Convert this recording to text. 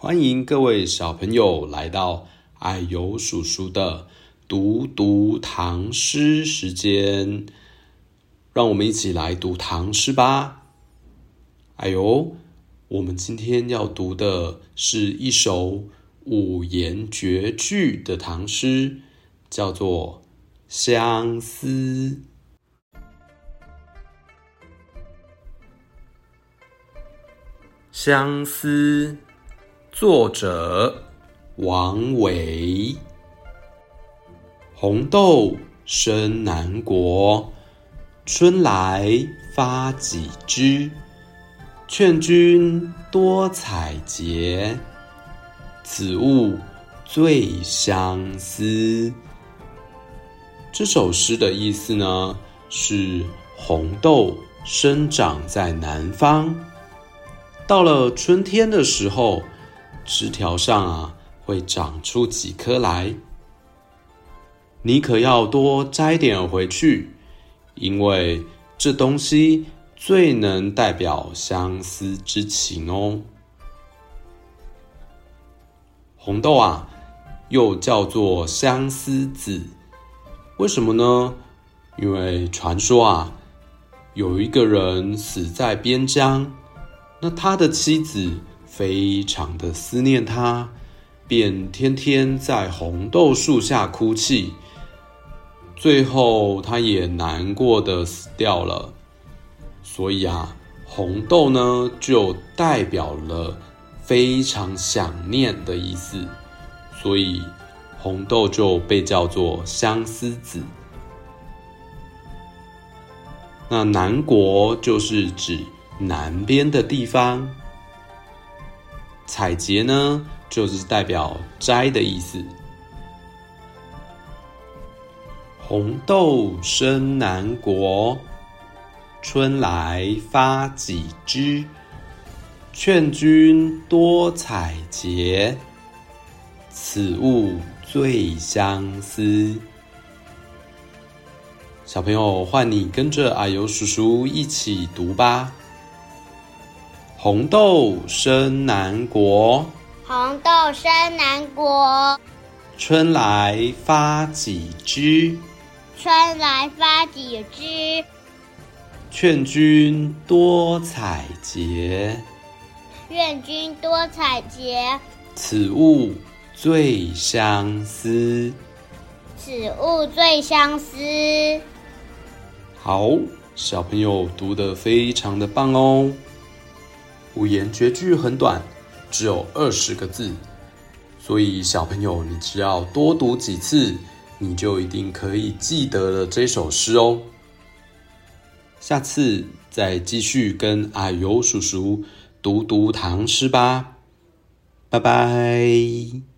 歡迎各位小朋友來到啊呦叔叔的讀讀唐詩時間，讓我們一起來讀唐詩吧。哎呦，我們今天要讀的是一首五言絕句的唐詩，叫做《相思》。相思。作者王維。紅豆生南國，春來發幾枝。勸君多采擷，此物最相思。這首詩的意思呢，是紅豆生長在南方，到了春天的時候。枝條上啊，會長出幾顆來，你可要多摘點回去，因為這東西最能代表相思之情哦。紅豆啊，又叫做相思子，為什麼呢？因為傳說啊，有一個人死在邊疆，那他的妻子。非常的思念他，便天天在紅豆樹下哭泣。最後，他也難過的死掉了。所以啊，紅豆呢，就代表了非常想念的意思。所以，紅豆就被叫做相思子。那南國就是指南邊的地方。採擷呢，就是代表摘的意思。紅豆生南國，春來發幾枝。勸君多采擷，此物最相思。小朋友，換你跟着啊呦叔叔一起讀吧。紅豆生南國，紅豆生南國。春來發幾枝，春來發幾枝。勸君多采擷，願君多采擷。此物最相思，此物最相思。好，小朋友讀得非常的棒哦。五言絕句很短，只有二十個字，所以小朋友，你只要多讀幾次，你就一定可以記得了這首詩哦。下次再繼續跟啊呦叔叔讀讀唐詩吧，拜拜。